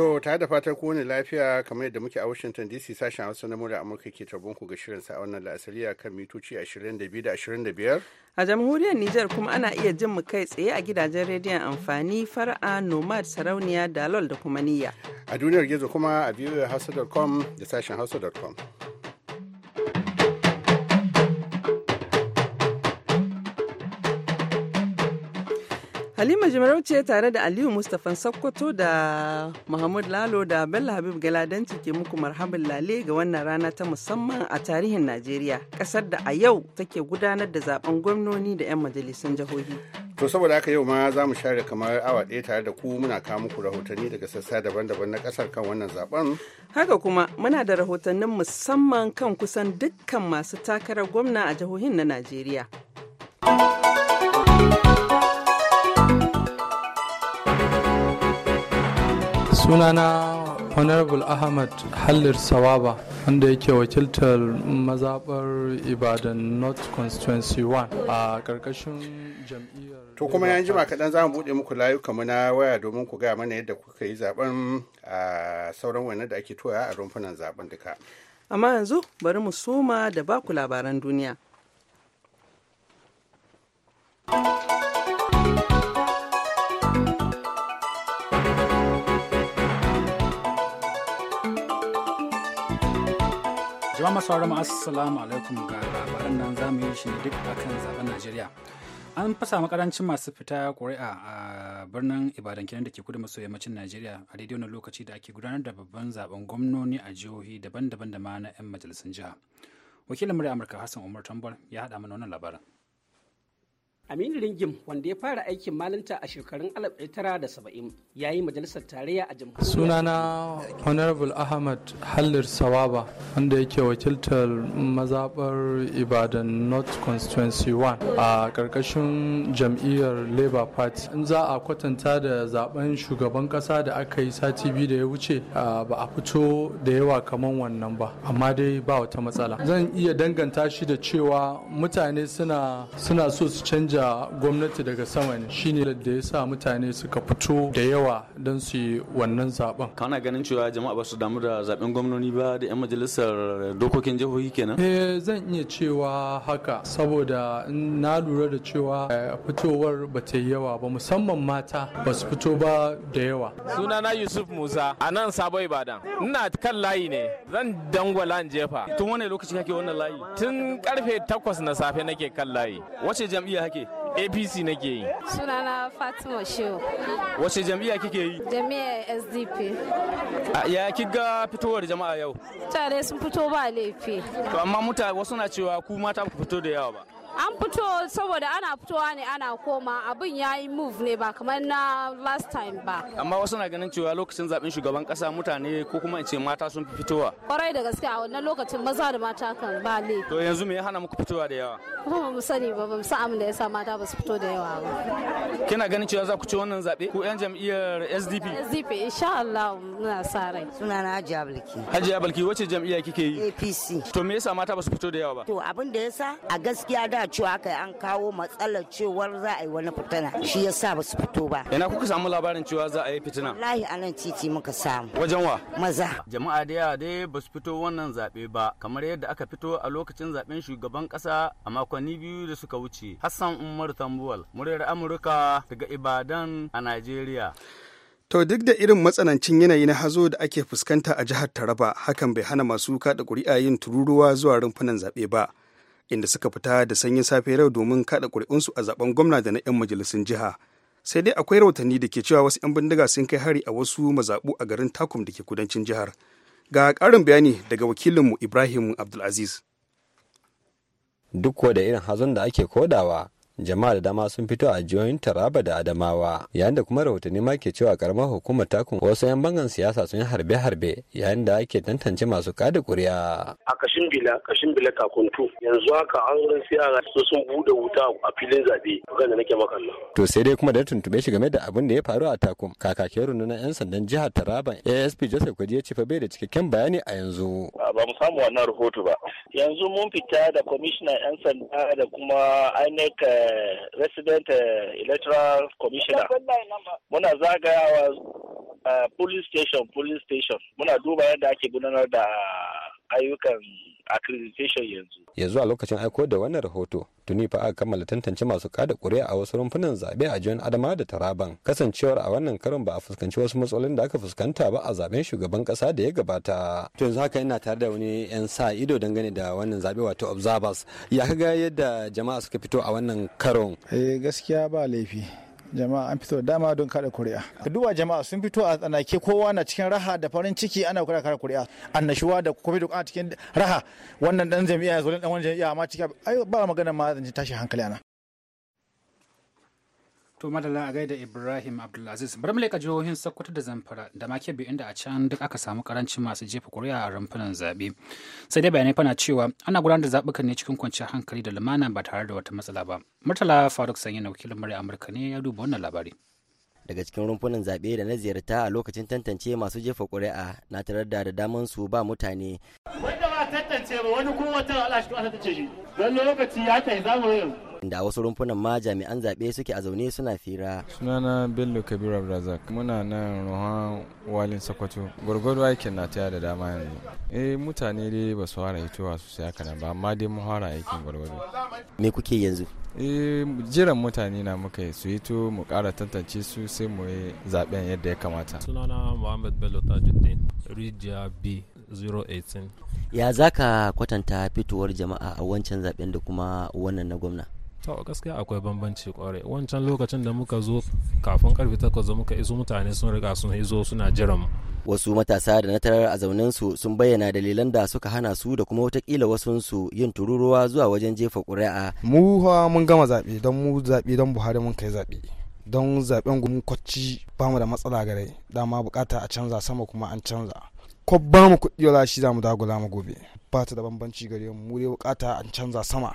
To ta da fatan ku ne lafiya kamar yadda muke a Washington DC sashen Hausa na mura Amurka ke tabbon ku ga shirin sa wannan a kan mitoci 22 da 25. A jamhuriyar Nijar kuma ana iya jin mu kai tsaye a gidajen rediyon amfani fara'a Nomad Sarauniya Dalol da kuma Niyya. A duniyar gizo kuma a hausa.com da sashen hausa.com. Halima Jimarauce tare da Aliyu Mustapha Sokoto da Muhammad Lalo da Bello Habib Galadanci ke muku marhaban lale ga wannan rana ta musamman a tarihin Najeriya, kasar da a yau take gudanar da zaben gwamnoni da 'yan majalisun jihohi. To saboda haka yau ma za mu share kamar awa ɗaya tare da ku muna kawo muku rahotanni daga sassa daban-daban na kasar kan wannan zaben. Haka kuma muna da rahotannin musamman kan kusan dukkan masu takarar gwamna a jihohin na Najeriya. sunana honorable ahmad hallir sawaba wanda yake wakiltar mazabar ibadan north constituency 1 a karkashin jam'iyyar to kuma yan jima kaɗan za mu buɗe muku layuka na waya domin ku gaya mana yadda kuka yi zaben a sauran wannan da ake toya a rumfunan zaben duka amma yanzu bari mu suma da baku labaran duniya masu mu assalamu alaikum ga labaran nan za mu yi shi duk duk akan zaben najeriya an fasa makarancin masu fita ƙuri'a a birnin ibadan kenan da ke kudu maso yammacin najeriya a daidai wani lokaci da ake gudanar da babban zaben gwamnoni a jihohi daban-daban da ma na 'yan majalisun jiha wakilin murya amurka hassan umar tambol ya haɗa mana wannan labaran. Aminu Ringim wanda ya fara aikin malinta a shekarun 1970 ya yi majalisar tarayya a jamhuriyar. Sunana Honorable Ahmad Hallir Sawaba wanda yake wakiltar mazabar Ibadan North Constituency 1 a ƙarƙashin jam'iyyar Labour Party. In za a kwatanta da zaben shugaban ƙasa da aka yi sati biyu da ya wuce ba a fito da yawa kamar wannan ba amma dai ba wata matsala. Zan iya danganta shi da cewa mutane suna so su canja da gwamnati daga sama ne shine da ya sa mutane suka fito da yawa don su yi wannan zaben kana ganin cewa jama'a ba su damu da zaben gwamnoni ba da yan majalisar dokokin jihohi kenan eh zan iya cewa haka saboda na lura da cewa eh, fitowar ba ta yi yawa ba musamman mata ba su fito ba da yawa Suna na yusuf musa a nan sabo ibadan ina kan layi ne zan dangwala in jefa tun wani lokaci kake wannan layi tun karfe takwas na safe nake kan layi wace jam'iyya hake apc nake yi sunana fatima shehu wace jam'iyya kike yi jam'iyyar sdp ya ga fitowar jama'a yau mutane sun fito ba laifi to amma mutane wasu na cewa ku mata ku fito da yawa ba an fito saboda ana fitowa ne ana koma abin ya yi move ne ba kamar na last time ba amma wasu na ganin cewa lokacin zaben shugaban kasa mutane ko kuma in ce mata sun fi fitowa kwarai da gaske a wannan lokacin maza da mata kan ba le. to yanzu me ya hana muku fitowa da yawa kuma ba mu sani ba ba mu san da yasa mata ba su fito da yawa ba kina ganin cewa za ku ci wannan zabe ku yan jam'iyyar SDP SDP insha Allah muna sa rai sunana Hajiya Abulki Hajiya Abulki wace jam'iyya kike yi APC to me yasa mata ba su fito da yawa ba to abin da yasa a gaskiya da cewa kai an kawo matsalar cewar za a yi wani fitina shi ya sa ba su fito ba ina kuka samu labarin cewa za a yi fitina lahi a nan titi muka samu wajen wa maza jama'a da yawa dai ba su fito wannan zaɓe ba kamar yadda aka fito a lokacin zaben shugaban kasa a makonni biyu da suka wuce hassan umar tambuwal muryar amurka daga ibadan a najeriya To duk da irin matsanancin yanayi na hazo da ake fuskanta a jihar Taraba, hakan bai hana masu kada ƙuri'a yin tururuwa zuwa rumfunan zaɓe ba. inda suka fita da sanyin safe yau domin kada ƙuri'unsu a zaben gwamna da na 'yan majalisun jiha sai dai akwai rahotanni da ke cewa wasu 'yan bindiga sun kai hari a wasu mazaɓu a garin takum da ke kudancin jihar ga ƙarin bayani daga wakilinmu ibrahim abdulaziz duk da irin hazon da ake kodawa jama'a da dama sun fito a jihohin taraba da adamawa yayin da kuma rahotanni ma ke cewa karamar hukumar kun wasu yan bangan siyasa sun yi harbe harbe yayin da ake tantance masu kada kuri'a a kashin bila kashin bila takuntu yanzu haka an wurin siyasa su sun bude wuta a filin zabe magana nake maka to sai dai kuma da tuntube shi game da abin da ya faru a takun kakakin rundunar yan sandan jihar taraba asp joseph kwaji ya ci fa bai da cikakken bayani a yanzu ba mu samu wannan rahoto ba yanzu mun fita da kwamishinan yan sanda da kuma INEC eh, resident eh, electoral commissioner muna zagayawa eh, police station police station muna duba yadda ake gudanar da ayyukan accreditation yanzu ya zuwa lokacin aiko da wannan rahoto tuni fa aka kammala tantance masu kada ƙuri'a a wasu rumfunan zaɓe a jihar adama da taraban kasancewar a wannan karon ba a fuskanci wasu matsalolin da aka fuskanta ba a zaben shugaban ƙasa da ya gabata to yanzu haka ina tare da wani yan sa ido dangane da wannan zaɓe wato observers ya ga yadda jama'a suka fito a wannan karon eh gaskiya ba laifi jama'a an fito da dama don kada kuri'a duba jama'a sun fito a tsanake kowa na cikin raha da farin ciki ana kura kada kuri'a annashuwa da kuma duk a cikin raha wannan dan jami'a ya zo dan wani jami'a amma cikin ai ba magana ma zan tashi hankali ana To madalla a gaida Ibrahim Abdulaziz bari mu leka jihohin Sokoto da Zamfara da ma Kebbi inda a can duk aka samu karancin masu jefa kuri'a a rumfunan zaɓe. Sai dai bayanai fana cewa ana gudanar da zaɓukan ne cikin kwanciyar hankali da lumana ba tare da wata matsala ba. Murtala Faruk Sanyi na wakilin murya Amurka ne ya duba wannan labari. Daga cikin rumfunan zaɓe da na ziyarta a lokacin tantance masu jefa kuri'a na tarar da da daman su ba mutane. Wanda ba tantance ba wani kuma wata Allah shi ta ce shi. Don lokaci ya kai zamu yau. inda wasu rumfunan ma jami'an zaɓe suke a zaune suna fira. Sunana Bello Kabiru Abdulrazak muna nan Rohan Walin Sokoto Gwargwaro aikin na taya da dama yanzu. Eh mutane dai ba su fara hitowa sosai haka nan ba amma dai mu fara aikin gwargwaro. Me kuke yanzu? Eh jiran mutane na muka yi su hito mu ƙara tantance su sai mu yi zaɓen yadda ya kamata. Sunana Muhammad Bello Tajuddin Rijiya B 018. Ya zaka kwatanta fitowar jama'a a wancan zaɓen da kuma wannan na gwamna? to gaskiya akwai bambanci kwarai wancan lokacin da muka zo kafin karfe takwas da muka iso mutane sun riga sun izo suna jiran wasu matasa da na tarar a zaunen su sun bayyana dalilan da suka hana su da kuma watakila wasun su yin tururuwa zuwa wajen jefa ƙuri'a mu ha mun gama zaɓe don mu zaɓe don buhari mun kai zaɓe don zaɓen gumi kwacci ba mu da matsala gare dama bukata a canza sama kuma an canza ko ba mu kuɗi wala shi za mu dagula mu gobe ba ta da bambanci gare mu mu dai bukata an canza sama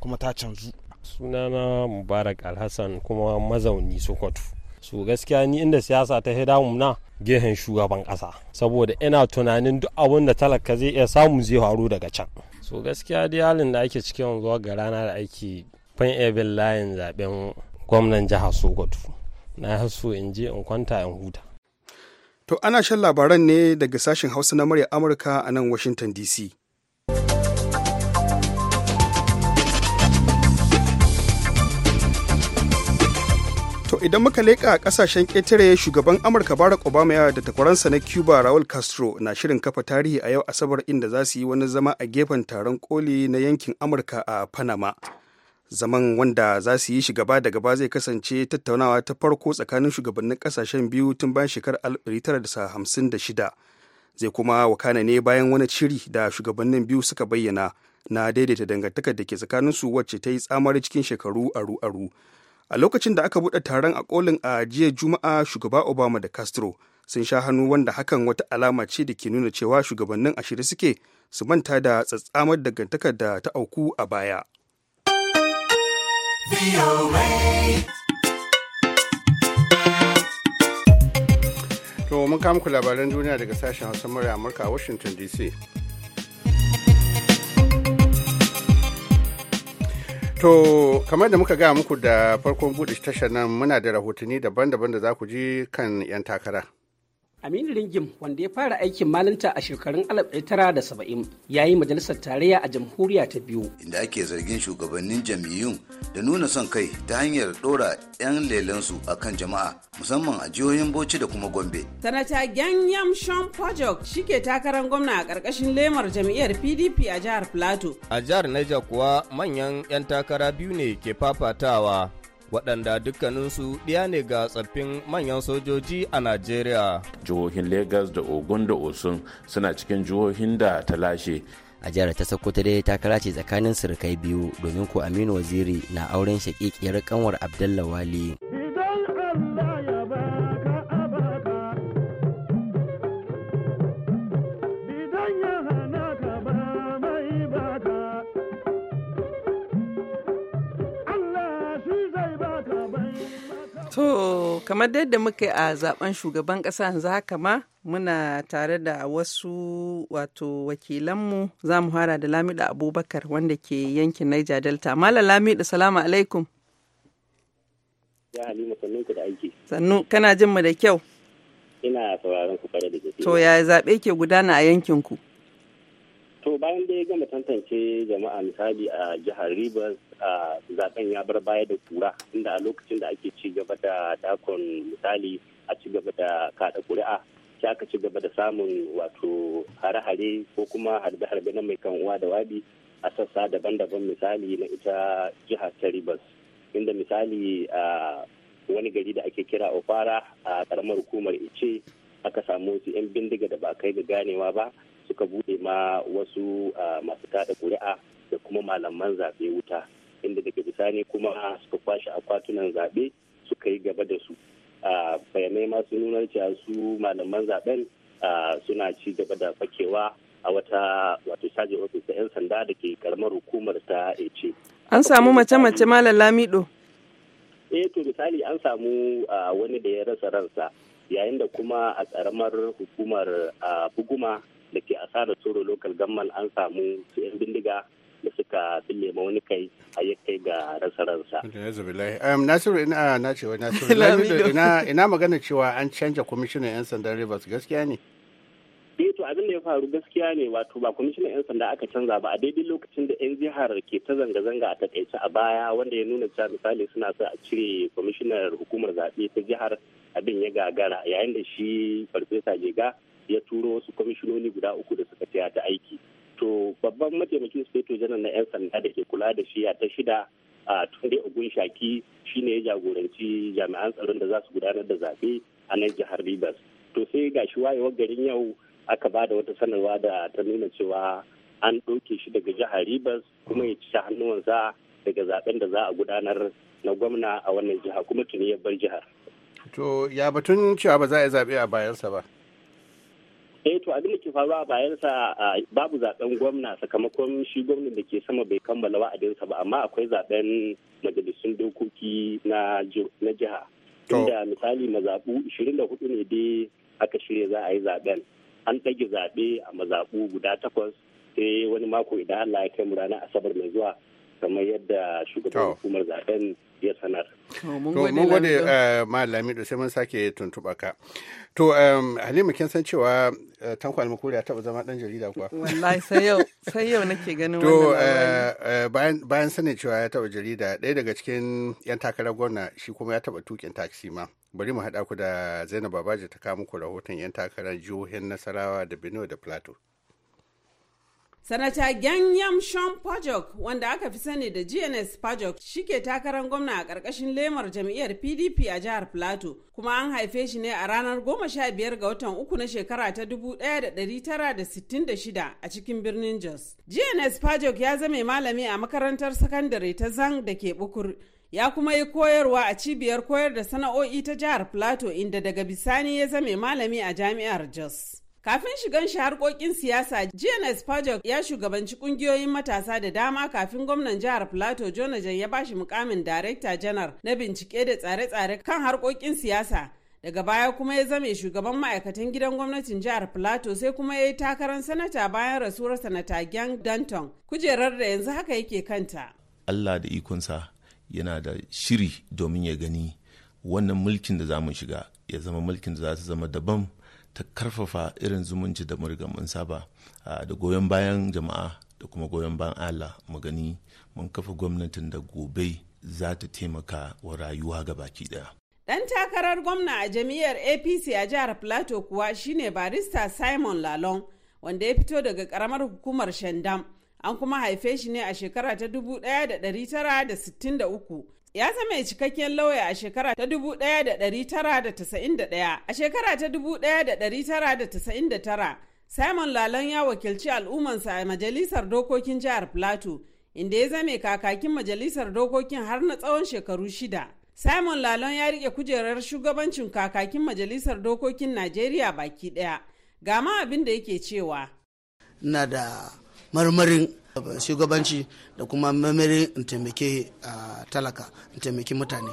kuma ta canzu sunana mubarak alhassan kuma mazauni sokoto su gaskiya ni inda siyasa ta hida na gehen shugaban kasa saboda ina tunanin duk abin da talaka zai iya samu zai faru daga can so gaskiya dai halin da ake cikin yanzu ga rana da ake fan ebin layin zaben gwamnan jihar sokoto na so in je in kwanta in huta to ana shan labaran ne daga sashen hausa na murya amurka a nan washington dc idan muka leƙa ƙasashen ƙetare shugaban Amurka Barack Obama ya da takwaransa na Cuba Raul Castro na shirin kafa tarihi a yau Asabar inda za su yi wani zama a gefen taron koli na yankin Amurka a Panama. Zaman wanda za su yi shi da gaba zai kasance tattaunawa ta farko tsakanin shugabannin kasashen biyu tun bayan shekarar 1956. Zai kuma wakana ne bayan wani shiri da shugabannin biyu suka bayyana na daidaita dangantakar da ke tsakanin su wacce ta yi tsamar cikin shekaru aru-aru. a lokacin da aka buɗe taron a kolin a jiya juma'a shugaba obama da castro sun sha hannu wanda hakan wata alama ce da ke nuna cewa shugabannin ashiri suke su manta da tsatsamar dangantakar da ta auku a baya To mun kama ku labaran duniya daga sashen Hausa murya Amurka a Washington DC. To, kamar da muka gaya muku da farkon buɗe tashar nan muna da rahotanni daban-daban da za ku ji kan 'yan takara. Aminu Ringim wanda ya fara aikin malinta a shekarun 1970 ya yi majalisar tarayya a jamhuriya ta biyu. Inda ake zargin shugabannin jam'iyyun da nuna son kai ta hanyar ɗora 'yan lelensu a kan jama'a musamman a jihohin Bauchi da kuma Gombe. Sanata Ganyam Sean Pojok shi ke takarar gwamna a ƙarƙashin lemar jam'iyyar PDP a jihar Plateau. A jihar Niger kuwa manyan 'yan takara biyu ne ke fafatawa waɗanda dukkaninsu ɗiya ne ga tsaffin manyan sojoji a Najeriya. Jihohin Legas da Ogun da Osun suna cikin jihohin da ta lashe. A jihar ta Sokoto dai takara ce tsakanin surukai biyu domin ko Aminu Waziri na auren shaƙiƙiyar kanwar abdullawali Wali. kamar yadda muka yi a zaben shugaban ƙasa yanzu haka ma muna tare da wasu wato wakilanmu za mu hara da lamida Abubakar wanda ke yankin Niger Delta. Malam lamida salamu alaikum. Ya Halima, sannu ku da aiki. Sannu, kana jin mu da kyau? Ina sauraron ku fara da gaske. To, yaya zaɓe ke gudana a yankin ku? to bayan da ya gama tantance jama'a misali a jihar rivers a zaben ya bar baya da kura inda a lokacin da ake ci gaba da dakon misali a ci gaba da kada kuri'a sai aka ci gaba da samun wato hare-hare ko kuma harbe-harbe na mai kan uwa da wabi a sassa daban-daban misali na ita jihar ta rivers inda misali a wani gari da ake kira ofara a karamar hukumar ice aka samu su 'yan bindiga da ba kai da ganewa ba suka bude ma wasu masu tada kuri'a da kuma malaman zaɓe wuta inda daga bisani kuma suka kwashe akwatunan zaɓe suka yi gaba da su bayanai masu nuna cewa su malaman zaɓen suna ci gaba da fakewa a wata wato caji ofis da 'yan sanda da ke karamar hukumar ta ce an samu mace-mace malam lamido eh to misali an samu wani da ya rasa ransa yayin da kuma a karamar hukumar buguma da ke asarar tsoro local gamman an samu su 'yan bindiga da suka fille ma wani kai a ya kai ga rasa ransa. Um, Nasiru ina na cewa Nasiru ina magana cewa an canja kwamishinan 'yan sandan Rivers gaskiya ne. Eh abin da ya faru gaskiya ne wato ba kwamishinan 'yan sanda aka canza ba a daidai lokacin da 'yan jihar ke ta zanga-zanga a takaice a baya wanda ya nuna cewa misali suna sa a cire kwamishinar hukumar zaɓe ta jihar abin ya gagara yayin da shi farfesa jega ya turo wasu kwamishinoni guda uku da suka ta aiki to babban mataimakin speto janar na 'yan sanda da ke kula da shi ta shida a tunde ogun shaki shine ya jagoranci jami'an tsaron da za su gudanar da zaɓe a nan jihar rivers to sai ga shi wayewar garin yau aka ba da wata sanarwa da ta nuna cewa an ɗauke shi daga jihar rivers kuma ya ci hannuwansa daga zaɓen da za a gudanar na gwamna a wannan jiha kuma tuni ya bar jihar to ya batun cewa ba za a yi zaɓe a bayansa ba to abin da ke faruwa bayan sa babu zaben gwamna sakamakon shi gwamnan da ke sama bai kammala wa'adinsa ba amma akwai zaben majalisun dokoki na jiha. Tunda misali mazaɓu 24 ne dai aka shirya za a yi zaben. An ɗage zaɓe a mazaɓu guda takwas sai wani mako idan Allah ya kai mu ranar Asabar mai zuwa kamar yadda shugaban hukumar zaben ya sanar. mun gode eh, malami da sai mun sake tuntuɓa ka. To Halima kin san cewa eh, Tanko Almakuri ya taɓa zama ɗan jarida kuwa. Wallahi sai yau sai yau nake ganin wannan. To eh, bayan sanin cewa ya taɓa jarida ɗaya daga cikin 'yan takarar gwamna shi kuma ya taɓa tukin taksi ma. Bari mu haɗa ku da Zainab Babaji ta kawo muku rahoton 'yan takarar jihohin Nasarawa da Benue da Plateau. Sanata ganyam Sean Pajok wanda aka fi sani da GNS Pajok shike takarar gwamna a ƙarƙashin lemar jam'iyyar PDP a jihar Plateau kuma an haife shi ne a ranar 15 ga watan uku na shekara ta 1966 a cikin birnin Jos. GNS Pajok ya zame malami a makarantar sakandare ta Zang da ke Bukur. Ya kuma yi koyarwa a cibiyar koyar da sana'o'i ta jihar Plateau inda daga bisani ya zame malami a jami'ar Jos. Kafin shigan shi harkokin siyasa, GNS Pajok ya shugabanci kungiyoyin matasa da dama kafin gwamnan jihar Plateau Jonajan ya bashi mukamin Darekta Janar na bincike da tsare-tsare kan harkokin siyasa. Daga baya kuma ya zame shugaban ma'aikatan gidan gwamnatin jihar Plateau sai kuma ya yi takarar sanata bayan rasuwar sanata Gang Danton, kujerar da yanzu haka yake kanta. Allah da ikonsa yana da shiri domin ya gani wannan mulkin da za mu shiga ya zama mulkin da za su zama daban ta karfafa irin zumunci da murga mun saba da goyon bayan jama'a da kuma goyon bayan Allah mu gani mun kafa gwamnatin da gobe za ta taimaka wa rayuwa ga baki daya. Dan takarar gwamna a jami'ar APC a jihar Plateau kuwa shine barista Simon Lalong wanda ya fito daga karamar hukumar Shandam. An kuma haife shi ne a shekara ta 1963 ya zama cikakken lauya a shekara ta 1991 a shekara ta 1999 simon lalon ya wakilci al'ummansa a majalisar dokokin jihar plateau inda ya zame kakakin majalisar dokokin har na tsawon shekaru shida simon lalon ya rike kujerar shugabancin kakakin majalisar dokokin najeriya baki daya gama abin da yake cewa na da marmarin shugabanci da kuma mamari in taimake talaka in taimake mutane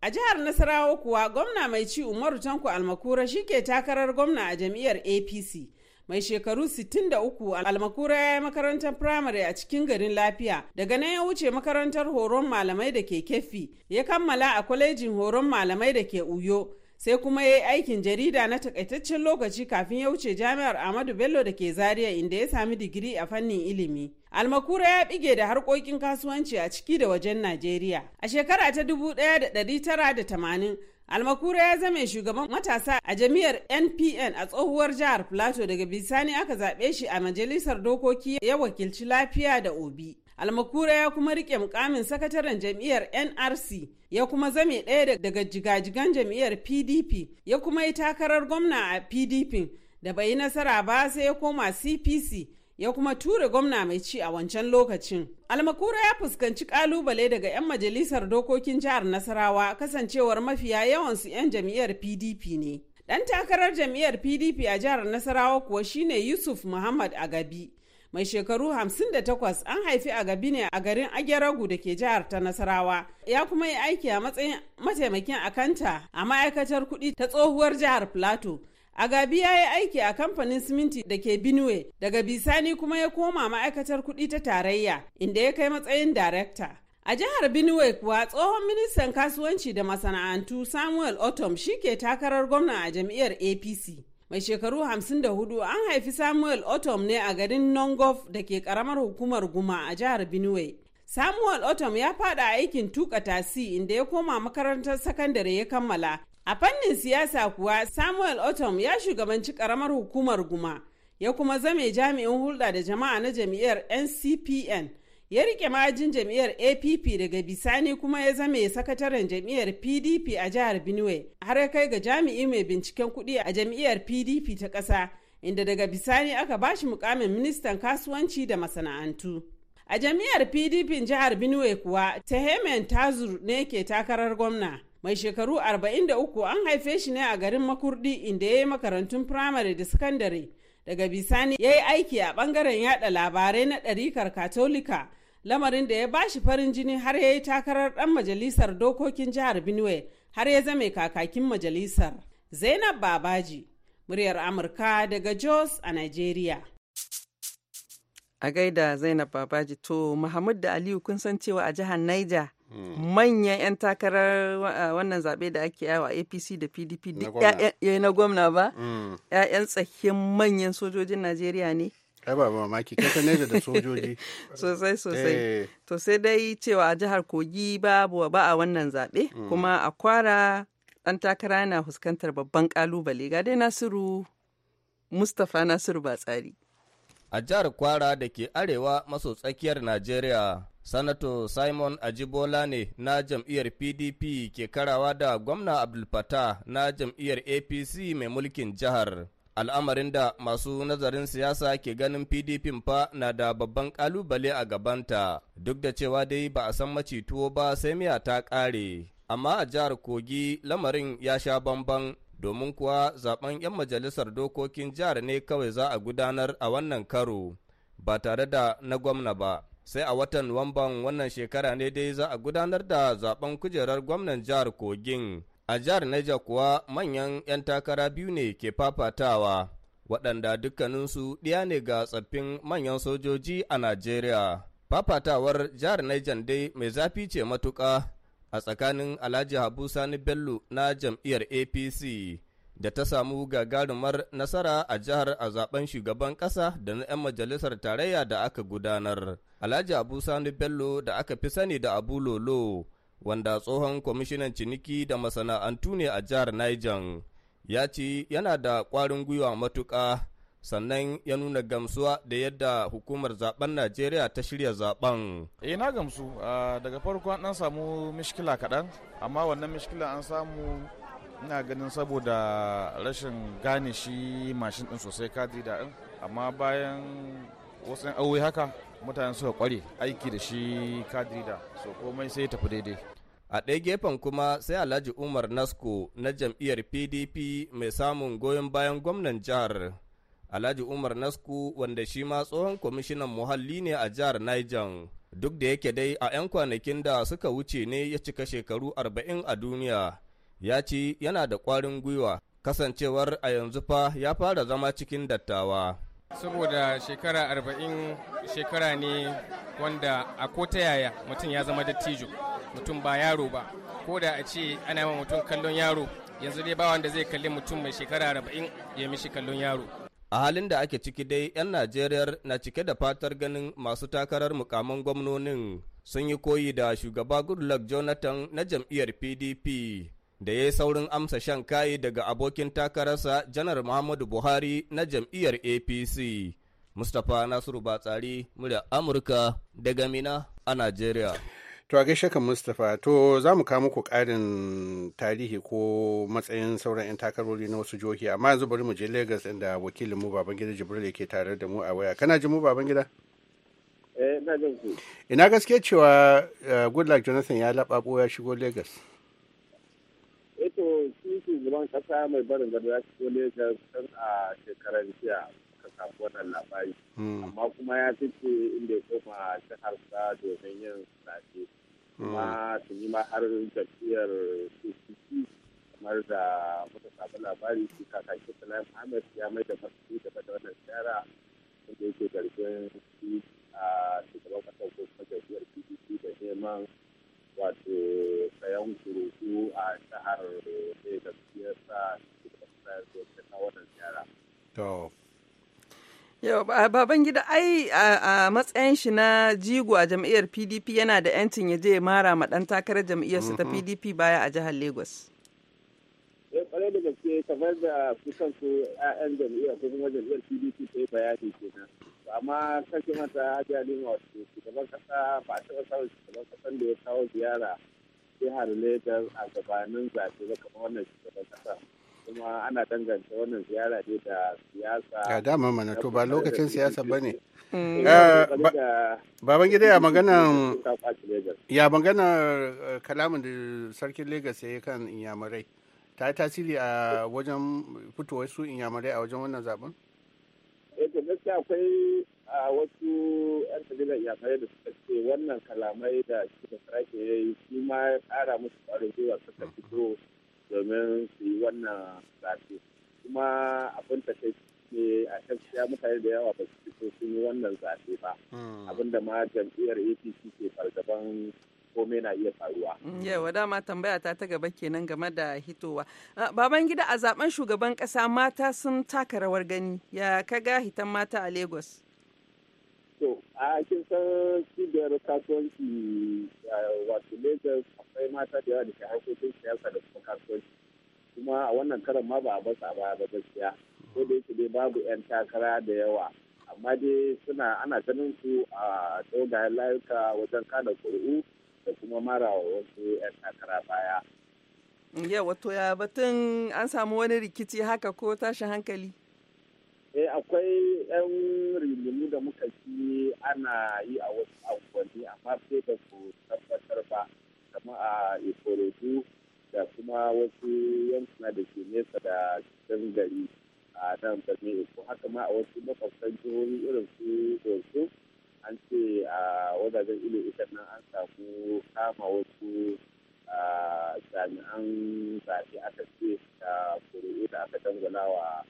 a jihar nasarawa kuwa gwamna mai ci umaru tanko almakura shi ke takarar gwamna a jam'iyyar apc mai shekaru 63 almakura ya yi makarantar firamare a cikin garin lafiya daga nan ya wuce makarantar horon malamai da ke kefi ya kammala a kwalejin horon malamai da ke uyo sai kuma ya yi aikin jarida na takaitaccen lokaci kafin ya wuce jami'ar Ahmadu Bello da ke Zaria inda ya sami digiri a fannin ilimi. Almakura ya bige da harkokin kasuwanci a ciki da wajen Najeriya. A shekara ta dubu ɗaya da da ɗari tara tamanin, Almakura ya zame shugaban matasa a jami'ar NPN a tsohuwar jihar Plateau daga bisani aka zaɓe shi a majalisar dokoki ya wakilci lafiya da Obi. almakura ya kuma rike mukamin sakataren jam'iyyar nrc ya kuma zame ɗaya daga jigajigan jam'iyyar pdp ya kuma yi takarar gwamna a pdp da bai yi nasara ba sai ya koma cpc ya kuma ture gwamna mai ci a wancan lokacin. Almakura ya fuskanci kalubale daga 'yan majalisar dokokin jihar Nasarawa kasancewar mafiya yawansu 'yan jam'iyyar PDP ne. Dan takarar jam'iyyar PDP a jihar Nasarawa kuwa shine Yusuf Muhammad Agabi. mai shekaru 58 an haifi a gabi ne a garin ageragu da ke jihar ta nasarawa ya kuma yi aiki a matsayin mataimakin akanta a ma'aikatar kuɗi ta tsohuwar jihar plateau gabi ya yi aiki a kamfanin siminti da ke binue daga bisani kuma ya koma ma'aikatar kuɗi ta tarayya, inda ya kai matsayin darekta. A jihar Benue kuwa tsohon ministan kasuwanci da masana'antu Samuel Otom shi ke takarar gwamna a jam'iyyar APC. mai shekaru 54 an haifi samuel otom ne a garin nongof da ke karamar hukumar guma a jihar benue samuel otom ya fada aikin tuka tasi inda ya koma makarantar sakandare ya kammala a fannin siyasa kuwa samuel otom ya shugabanci karamar hukumar guma ya kuma zame jami'in hulɗa da jama'a na jami'ar ncpn ya rike ma'ajin jam'iyyar app daga bisani kuma ya zame sakataren jam'iyyar pdp a jihar benue har kai ga jami'i mai binciken kuɗi a jam'iyyar pdp ta ƙasa inda daga bisani aka bashi mukamin ministan kasuwanci da masana'antu a jam'iyyar pdp jihar benue kuwa ta hemen tazur ne ke takarar gwamna mai shekaru 43 an haife shi ne a garin makurdi inda ya yi makarantun firamare da sakandare daga bisani ya yi aiki a bangaren yada labarai na ɗarikar katolika lamarin da ya bashi farin jini har ya yi takarar ɗan majalisar dokokin jihar benue har ya zame kakakin majalisar zainab babaji muryar amurka daga jos a nigeria a gaida zainab babaji to muhammad da aliyu kun san cewa a jihar niger hmm. manyan 'yan takarar wannan zaɓe da ake yawa apc da pdp duk na gwamna ba 'ya'yan hmm. tsakin manyan sojojin najeriya ne ai ba mamaki kasa neja da sojoji sosai sosai eh. to sai dai cewa a jihar kogi babu ba a wannan zaɓe hmm. kuma a kwara ɗan takara na fuskantar babban ƙalubale ga dai nasiru mustapha nasiru ba tsari. A jihar Kwara da ke arewa maso tsakiyar Najeriya, Sanato Simon Ajibola ne na jam'iyyar PDP ke karawa da gwamna Abdul Fata na jam'iyyar APC mai mulkin jihar. Al'amarin da masu nazarin siyasa ke ganin PDP fa na da babban kalubale a gabanta, duk da cewa dai ba a san tuwo ba sai miya ta ƙare. Amma a jihar Kogi lamarin ya sha bambam. domin kuwa zaben 'yan majalisar dokokin jihar ne kawai za a gudanar a wannan karo ba tare da na gwamna ba sai a watan nuwamban wannan shekara ne dai za a gudanar da zaben kujerar gwamnan jihar kogin a jihar Niger kuwa manyan 'yan takara biyu ne ke fafatawa waɗanda dukkaninsu ɗiya ne ga tsaffin manyan sojoji a najeriya fafatawar jihar Niger dai mai zafi ce matuka. a tsakanin Alhaji Habu Sani Bello na jam'iyyar APC da ta samu gagarumar nasara a jihar a zaben shugaban ƙasa da na 'yan majalisar tarayya da aka gudanar. Alhaji Abu Sani Bello da aka fi sani da Abu Lolo, wanda tsohon kwamishinan ciniki da masana'antu ne a jihar Niger, ya ce yana da ƙwarin gwiwa matuƙa sannan ya nuna gamsuwa da yadda hukumar zaben najeriya ta shirya zaben eh, na gamsu ah, daga farko an samu mishkila kaɗan amma wannan mishkila an samu ina ganin saboda rashin gane shi mashin ɗin sosai kadi da amma bayan wasu 'yan auwe haka mutane suka kware aiki da shi kadrida so komai sai tafi daidai a ɗaya gefen kuma sai alhaji umar nasko na jam'iyyar pdp mai samun goyon bayan gwamnan jihar Alhaji Umar Nasku wanda shi ma tsohon kwamishinan muhalli ne a jihar Niger. Duk da yake dai a 'yan kwanakin da suka wuce ne ya cika shekaru arba'in a duniya, ya ci yana da ƙwarin gwiwa kasancewar a yanzu fa ya fara zama cikin dattawa. Saboda shekara arba'in shekara ne wanda a ko ta yaya mutum ya zama dattijo, mutum ba yaro ba, ko da a ce ana mutum kallon yaro yanzu dai ba wanda zai kalli mutum mai shekara arba'in ya mishi kallon yaro a halin da ake ciki dai 'yan najeriya na cike da fatar ganin masu takarar mukamin gwamnonin sun yi koyi da shugaba goodluck jonathan na jam'iyyar pdp da ya yi saurin amsa shan kayi daga abokin takararsa janar muhammadu buhari na jam'iyyar apc mustapha nasiru batsari murya amurka daga mina a najeriya to a gaishe kan mustapha to za mu kawo muku ƙarin tarihi ko matsayin sauran 'yan takarori na wasu jihohi amma yanzu bari mu je lagos inda wakilin mu babangida jibril yake tare da mu a waya kana ji mu babangida eh na ku ina gaske cewa eh, goodluck jonathan ya laɓaɓo ya shigo lagos eto eh, shi shugaban kasa mai barin gado ya shigo lagos a shekarar jiya kasa wannan labari hmm. amma kuma ya fice inda ya koma jihar sa domin yin zaɓe kuma su yi ma har tafiyar CCC kamar da muka samu labari shi kakakin Salam Ahmed ya mai da masu da bada wannan tsara wanda yake gargin shi a shugaban kasar ko kuma jam'iyyar PDP da neman wato sayan kurutu a jihar da gaskiyar sa shugaban kasar da kawo wannan tsara. Yau, baban gida ai a matsayin shi na jigo a jam'iyyar PDP yana da 'yancin ya je mara ma dan takarar jam'iyyarsa ta PDP mm-hmm. baya a jihar Lagos. ya eh, kware da gaske kamar da su kansu 'ya'yan jam'iyyar ko kuma jam'iyyar pdp ta yi bayani kenan amma kashe mata hajiya ma wasu shugaban kasa ba a taɓa samun shugaban kasan da ya kawo ziyara jihar lagos a gabanin zaɓe ba kamar wannan shugaban kasa kuma ana danganta wannan ziyara ne da siyasa Ga dama mana to ba lokacin siyasa mm. eh, eh, ba ne baban gida ya magana ya magana eh, kalamin da sarkin Legas ya yi kan inyamurai ta yi tasiri a wajen fitowar su inyamurai a wajen wannan zaben yake gaskiya akwai a wasu 'yan dalilin yamai da suka ce wannan kalamai da suka sarki ya yi shi ma ya kara musu ƙwarin gwiwa suka fito domin su yi wannan zafi kuma abin ta ne a gaskiya mutane da yawa ba su fito sun yi wannan zafi ba hmm. abin da ma jam'iyyar apc ke fargaban komai na iya faruwa. Hmm. Yawa dama tambaya ta ta gaba kenan game da hitowa. Baban gida a zaben shugaban kasa mata sun taka rawar gani ya kaga hitan mata a Lagos. so a kin san cibiyar kasuwanci wato Lagos akwai mata da yawa da ke harkokin siyasa da kuma kasuwanci. Kuma a wannan karan ma ba a basa ba ba gaskiya. Ko da yake dai babu 'yan takara da yawa. Amma dai suna ana ganin su a dogayen layuka wajen kada kuri'u da kuma mara wasu 'yan takara baya. Yawa to ya batun an samu wani rikici haka ko tashin hankali? eh akwai yan rigimu da muka ci ana yi a wasu amfani amma sai da su tabbatar ba kama a ikorodu da kuma wasu yankuna da ke nesa da cikin gari a nan birnin ko haka ma a wasu makwabtan jihohi irin su dosu an ce a wajajen ilo ita nan an samu kama wasu jami'an zaɓe aka ce da kuri'u da aka dangana wa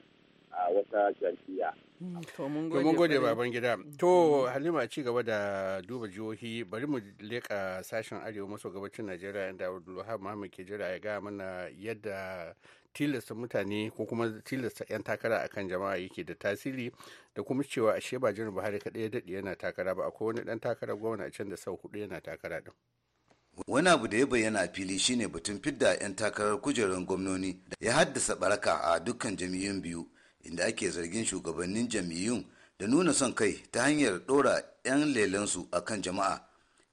a wata jam'iyya. Hmm, mun gode baban gida hmm. to halima ci gaba da duba jihohi bari mu leka sashen arewa maso gabacin najeriya inda abdulwahab muhammad ke jira ya gaya mana yadda tilasta mutane ko kuma tilasta 'yan takara akan jama'a yake da tasiri da kuma cewa ashe ba jiran buhari kaɗai ya daɗe yana takara ba akwai wani ɗan takara gwamna a can da sau hudu yana takara din wani abu da ya bayyana a fili shine batun fidda 'yan takarar kujerar gwamnoni da ya haddasa baraka a dukkan jam'iyyun biyu inda ake zargin shugabannin jam'iyyun da nuna son kai ta hanyar ɗora 'yan lelensu a kan jama'a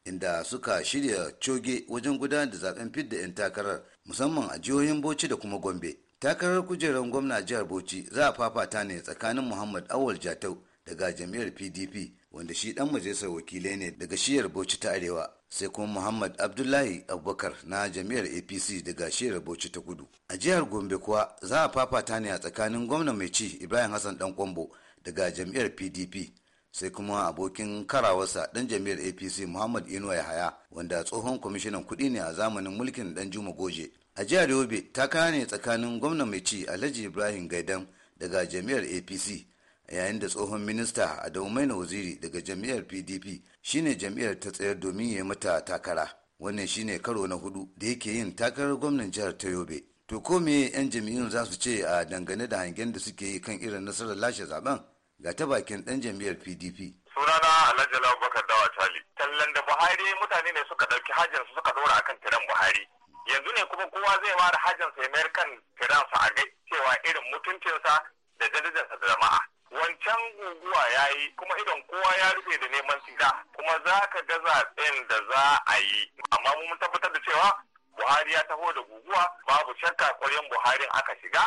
inda suka shirya coge wajen gudanar da zaben fidda 'yan takarar musamman a jihohin bauchi da kuma gombe takarar kujerar gwamna jihar bauchi za a fafata ne tsakanin muhammad awal jatau daga jam'iyyar pdp wanda shi dan majalisar wakilai ne daga shiyar Bauchi ta Arewa sai kuma Muhammad Abdullahi Abubakar na jami'ar APC daga shiyar Bauchi ta Kudu. A jihar Gombe kuwa za a fafata ne a tsakanin gwamnan mai ci Ibrahim Hassan Dan Kwambo daga jami'ar PDP sai kuma abokin karawarsa dan jami'ar APC Muhammad Inuwa Yahaya wanda tsohon kwamishinan kuɗi ne a zamanin mulkin Dan Juma Goje. A jihar Yobe ta ne tsakanin gwamnan mai ci Alhaji Ibrahim Gaidan daga jami'ar APC yayin da tsohon minista Adamu Maina Waziri daga jam'iyyar PDP shine jam'iyyar ta tsayar domin ya yi mata takara. Wannan shine karo na hudu da yake yin takarar gwamnan jihar ta Yobe. To ko me 'yan jam'iyyun za su ce a dangane da hangen da suke yi kan irin nasarar lashe zaben? Ga ta bakin ɗan jam'iyyar PDP. Sunana Alhaji Abubakar Dawa Tali. Tallan da Buhari mutane ne suka ɗauki hajjarsu suka ɗora akan tiran Buhari. yanzu ne kuma kowa zai ware hajjansa ya mayar kan Tiransa a cewa irin mutuncinsa da darajarsa da jama'a wancan guguwa ya yi kuma idan kowa ya rufe da neman tsira kuma za ka ga zaɓen da za a yi amma mun tabbatar da cewa buhari ya taho da guguwa babu shakka kwaryan buharin aka shiga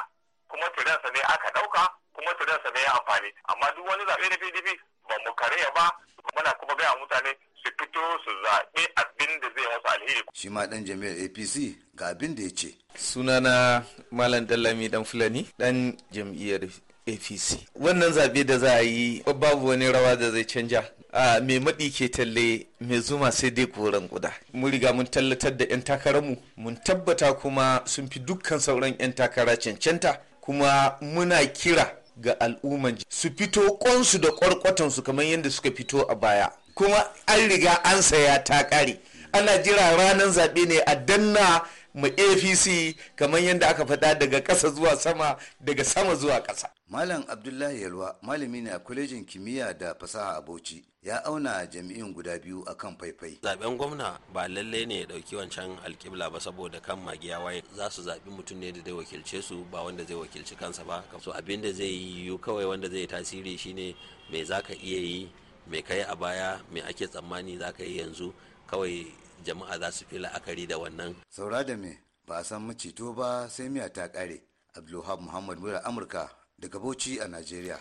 kuma turensa ne aka ɗauka kuma turensa ne ya amfani amma duk wani zaɓe na pdp ba mu karya ba muna kuma gaya mutane su fito su zaɓe abin da zai wasu alheri. Shi ma ɗan jami'ar APC ga abin da ya ce. Sunana Malam Dallami Dan Fulani Dan jam'iyyar apc wannan zabe da za a yi babu wani rawa da zai canja a mai maɗi ke talle mai zuma sai dai koren guda mun riga mun tallatar da 'yan takararmu mun tabbata kuma sun fi dukkan sauran 'yan takara cancanta kuma muna kira ga al'umman su fito ƙonsu da ƙwarƙwatansu kamar yadda suka fito a baya kuma an riga an saya ta ƙare ana jira ranar zaɓe ne a danna mu apc kamar yadda aka faɗa daga ƙasa zuwa sama daga sama zuwa ƙasa malam abdullahi yalwa malami ne a kwalejin kimiyya da fasaha a bauchi ya auna jami'in guda biyu a kan faifai zaben gwamna ba lallai ne ya ɗauki wancan alƙibla ba saboda kan magiya waye za su zaɓi mutum ne da zai wakilce su ba wanda zai wakilci kansa ba so abin da zai yi yiwu kawai wanda zai tasiri shine me za ka iya yi me kai a baya me ake tsammani za ka yi yanzu kawai jama'a za su fi la'akari da wannan. saura da me ba a san to ba sai miya ta kare abdulhab muhammad mura amurka daga bauchi a najeriya.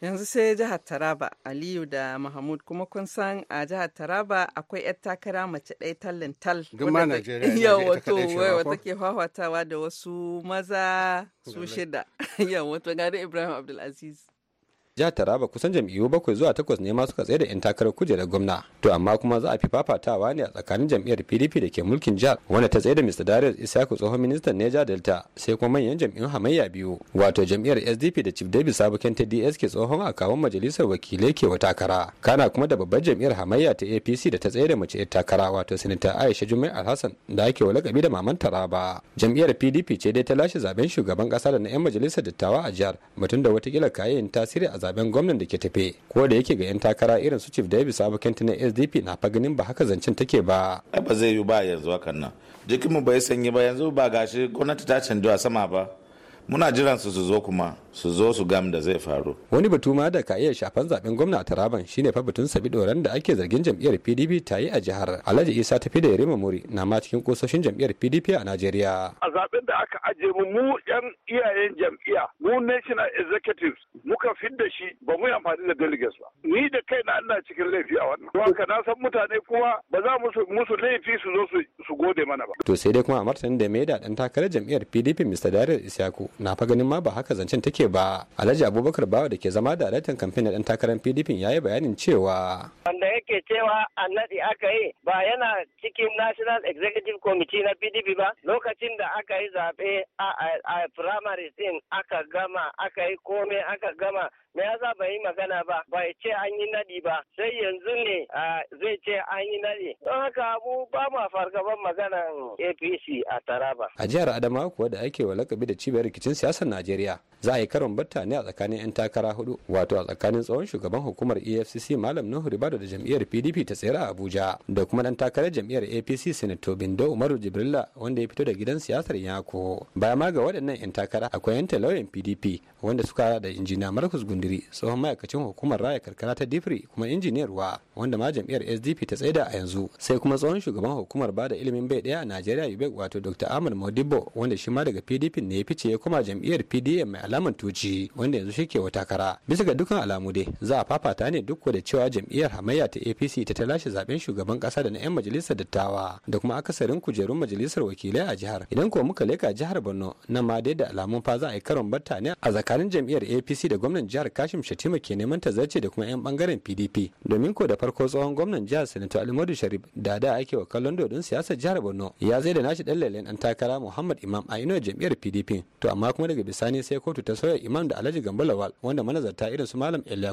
yanzu sai jihar taraba aliyu da mahmud kuma kun san a jihar taraba akwai 'yar takara mace ɗaya tallin tal wato wata ke hwahwatawa da wasu maza su shida yawa wato gari ibrahim abdulaziz jihar taraba kusan jam'iyyu bakwai zuwa takwas ne ma suka tsaye da 'yan takarar kujerar gwamna to amma kuma za a fi fafatawa ne a tsakanin jam'iyyar pdp da ke mulkin jihar wanda ta tsaye da mr darius isaku tsohon ministan neja delta sai kuma manyan jam'iyyun hamayya biyu wato jam'iyyar sdp da chief davis sabuken ta ke tsohon akawun majalisar wakilai ke wa takara kana kuma da babbar jam'iyyar hamayya ta apc da ta tsaye da mace 'yar takara wato sinita aisha jumai alhassan da ake lakabi da maman taraba jam'iyyar pdp ce dai ta lashe zaben shugaban kasa da na 'yan majalisar dattawa a jihar batun da watakila kayan tasiri a zaben gwamnan da ke tafe ko da yake ga 'yan takara irin su chief davis abokinta na sdp na fa ganin ba haka zancen take ba ba zai yi ba yanzu hakan nan jikinmu bai sanyi ba yanzu ba gashi gwamnati ta a sama ba muna jiran su su zo kuma su zo su gam da zai faru. Wani batu ma da ka iya shafan zaben gwamna a Taraban shine fa batun sabi doran da ake zargin jam'iyyar PDP ta yi a jihar. Alhaji Isa ta da Yarima Muri na ma cikin kososhin jam'iyyar PDP a Najeriya. A zaben da aka aje mu mu yan iyayen jam'iyya mu national executives muka fidda shi ba mu amfani da delegates ba. Ni da kai na Allah cikin laifi a wannan. Don haka na san mutane kuma ba za mu musu laifi su zo su gode mana ba. To sai dai kuma a martanin da mai da dan takarar jam'iyyar PDP Mr. Darius Isyaku na fa ganin ma ba haka zancen take yake ba alhaji abubakar bawa da ke zama da alatan kamfen na dan takarar pdp ya yi bayanin cewa wanda yake cewa annadi aka yi ba yana cikin national executive committee na pdp ba lokacin da aka yi zaɓe a primary din aka gama aka yi komai aka gama me za bai yi magana ba bai ce an yi nadi ba sai yanzu ne zai ce an yi nadi don haka abu ba ma fargaban magana apc a taraba a jihar adamawa kuwa da ake wa lakabi da cibiyar rikicin siyasar najeriya za a yi karon batta ne a tsakanin 'yan takara hudu wato a tsakanin tsohon shugaban hukumar efcc malam nuhu ribado da jam'iyyar pdp ta tsere a abuja da kuma dan takarar jam'iyyar apc senator bindo umaru jibrilla wanda ya fito da gidan siyasar yako baya ma ga waɗannan 'yan takara akwai 'yan lauyan pdp wanda suka da injina markus gundu Gandiri tsohon ma'aikacin hukumar raya karkara ta Difri kuma injiniyar ruwa wanda ma jam'iyyar SDP ta tsaida a yanzu sai kuma tsohon shugaban hukumar bada ilimin bai daya a Najeriya yube wato Dr. Ahmad Modibo wanda shi ma daga PDP ne ya fice ya koma jam'iyyar PDM mai alamar tuci wanda yanzu shi ke wa takara bisa ga dukkan alamu dai za a fafata ne duk da cewa jam'iyyar hamayya ta APC ta ta lashe zaben shugaban kasa da na 'yan majalisar dattawa da kuma akasarin kujerun majalisar wakilai a jihar idan kuwa muka leka jihar Borno nan ma dai da alamun fa za a yi karon batta ne a tsakanin jam'iyyar APC da gwamnan jihar kashim shatima ke neman ta zarce da kuma 'yan bangaren pdp domin ko da farko tsohon gwamnan jihar sanato alimadu sharif da da ake wa kallon dodon siyasar jihar borno ya zai da nashi dan lailen dan takara muhammad imam a inuwar jam'iyyar pdp to amma kuma daga bisani sai kotu ta sauya imam da alhaji gambalawal wanda manazarta irin su malam